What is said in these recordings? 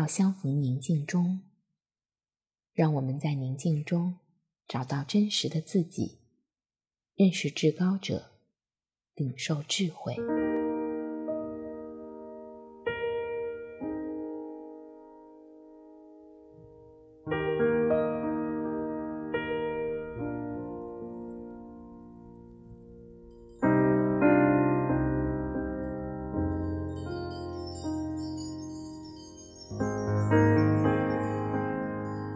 到相逢寧靜中，讓我們在寧靜中找到真實的自己，認識至高者，領受智慧。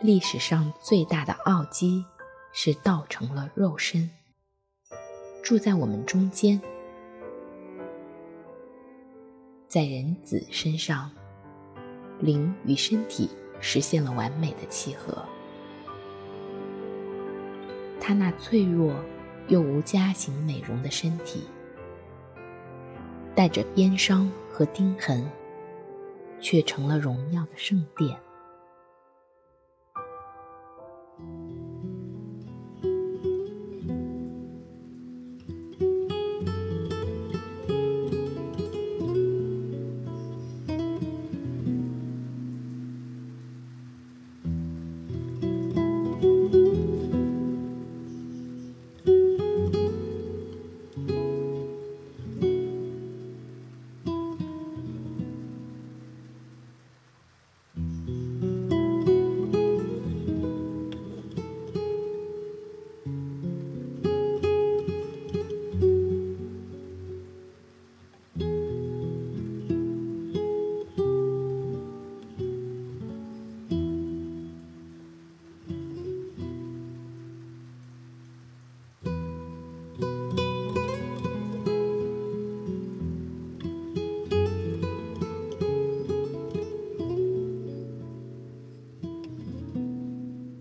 歷史上最大的奧跡是道成了肉身，住在我們中間，在人子身上，靈與身體實現了完美的契合。他那脆弱又無佳型美容的身體，帶着鞭傷和釘痕，卻成了榮耀的聖殿。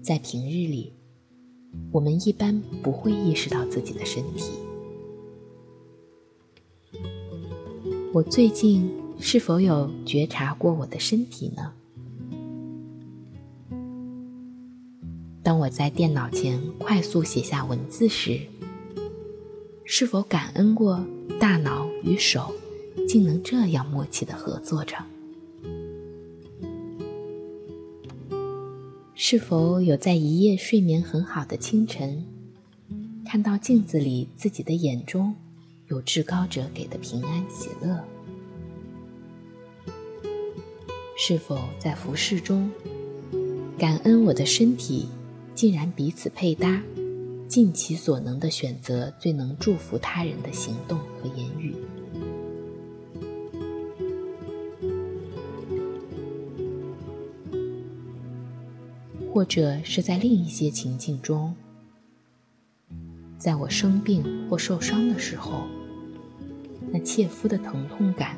在平日裡，我們一般不會意識到自己的身體。我最近是否有覺察過我的身體呢？當我在電腦前快速寫下文字時，是否感恩過大腦與手竟能這樣默契地合作着？是否有在一夜睡眠很好的清晨，看到鏡子裡自己的眼中，有至高者給的平安喜樂？是否在服事中，感恩我的身體竟然彼此配搭，盡其所能地選擇最能祝福他人的行動和言語？或者是在另一些情境中，在我生病或受傷的時候，那切膚的疼痛感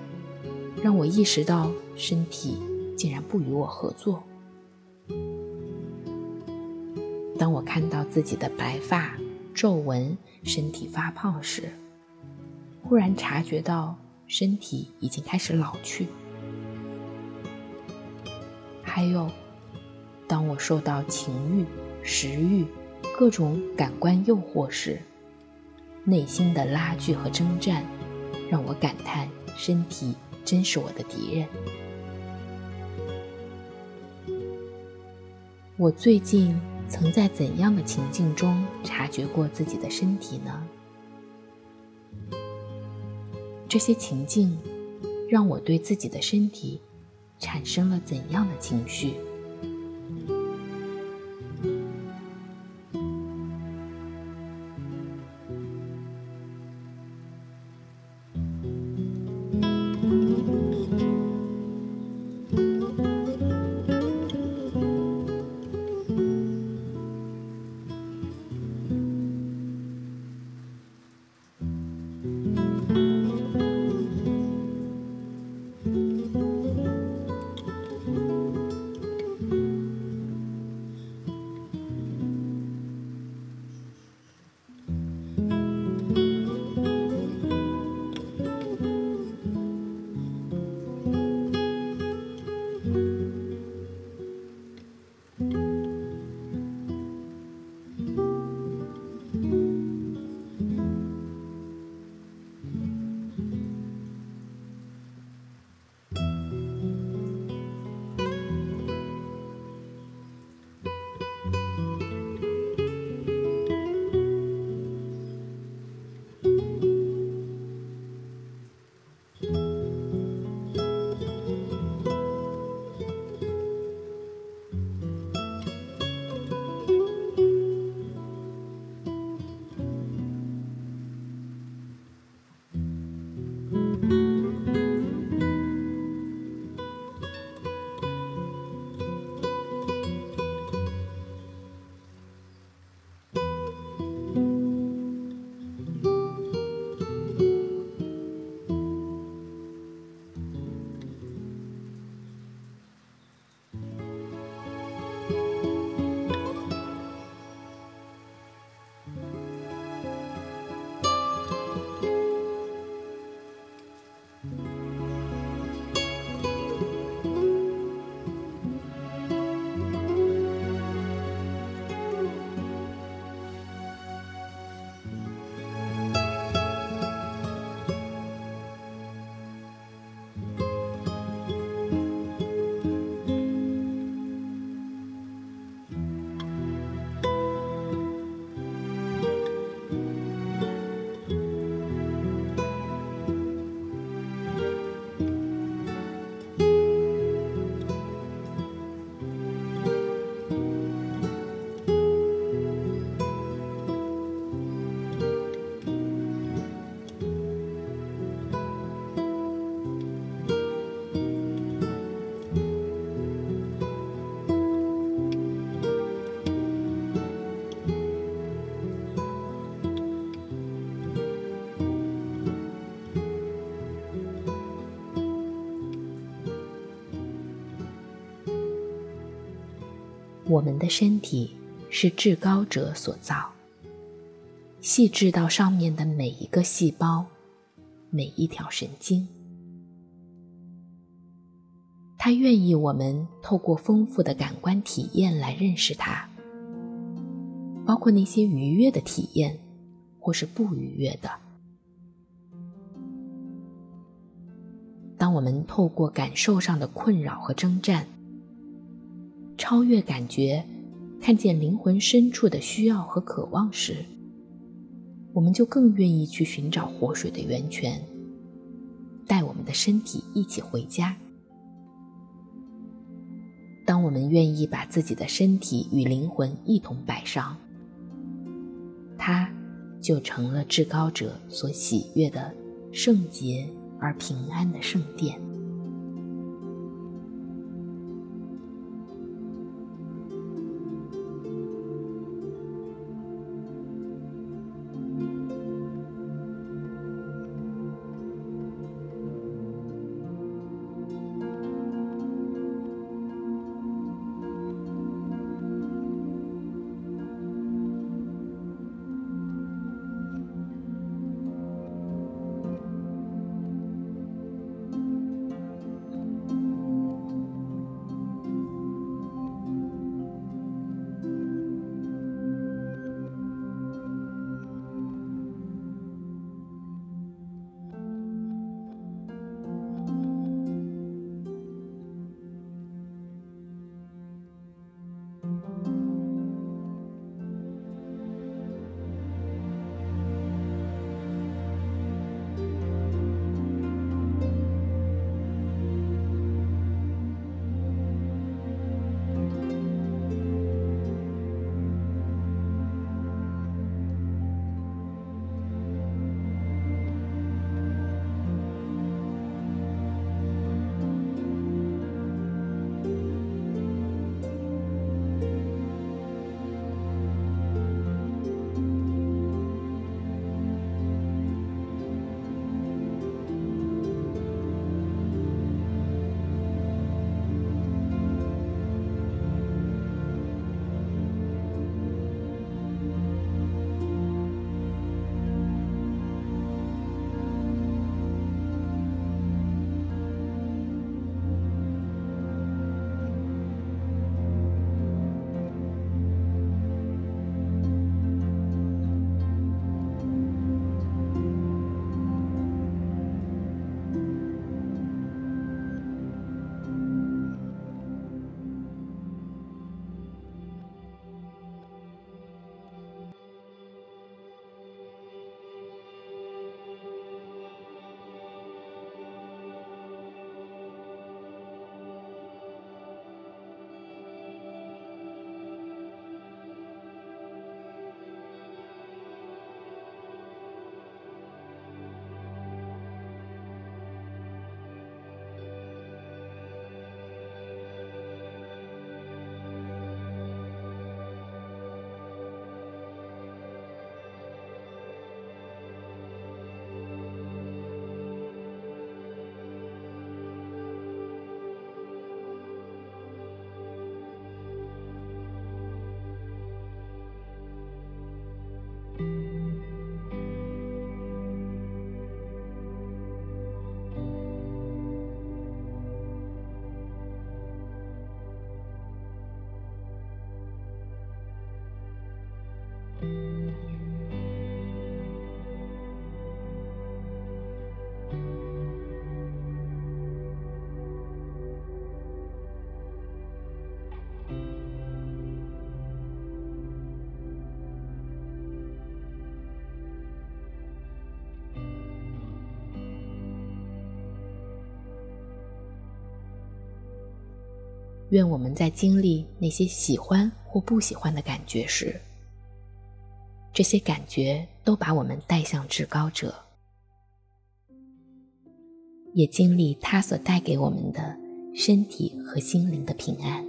讓我意識到身體竟然不與我合作；當我看到自己的白髮、皺紋、身體發胖時，忽然察覺到身體已經開始老去，還有，當我受到情慾、食慾、各種感官誘惑時，內心的拉鋸和征戰，讓我感嘆：身體真是我的敵人。我最近曾在怎樣的情境中察覺過自己的身體呢？這些情境讓我對自己的身體產生了怎樣的情緒？我們的身體是至高者所造，細緻到上面的每一個細胞、每一條神經。他願意我們透過豐富的感官體驗來認識他，包括那些愉悅的體驗，或是不愉悅的。當我們透過感受上的困擾和爭戰，超越感覺，看見靈魂深處的需要和渴望時，我們就更願意去尋找活水的源泉，帶我們的身體一起回家。當我們願意把自己的身體與靈魂一同擺上，它就成了至高者所喜悅的聖潔而平安的聖殿。願我們在經歷那些喜歡或不喜歡的感覺時，這些感覺都把我們帶向至高者，也經歷他所帶給我們的身體和心靈的平安。